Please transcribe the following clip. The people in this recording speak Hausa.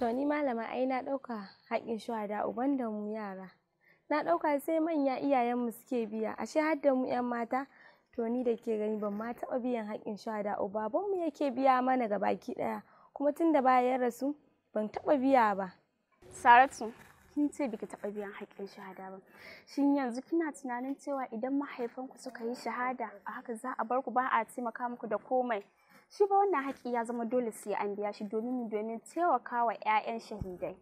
To ni malama ai na ɗauka haƙƙin shuhada uban da mu yara. Na ɗauka sai manya iyayenmu suke biya, ashe har da mu 'yan mata. To ni da ke gani ban ma taɓa biyan haƙƙin shuhada uba, mu yake biya mana gabaki ɗaya, kuma tun da baya ya rasu ban taɓa biya ba. Saratu. kin ce biki taɓa biyan haƙƙin shahada ba shin yanzu kina tunanin cewa idan mahaifanku suka yi shahada a haka za a bar ku ba a taimaka muku da komai shi ba wannan haƙƙi ya zama dole sai an biya shi domin domin taimaka wa 'ya'yan shahidai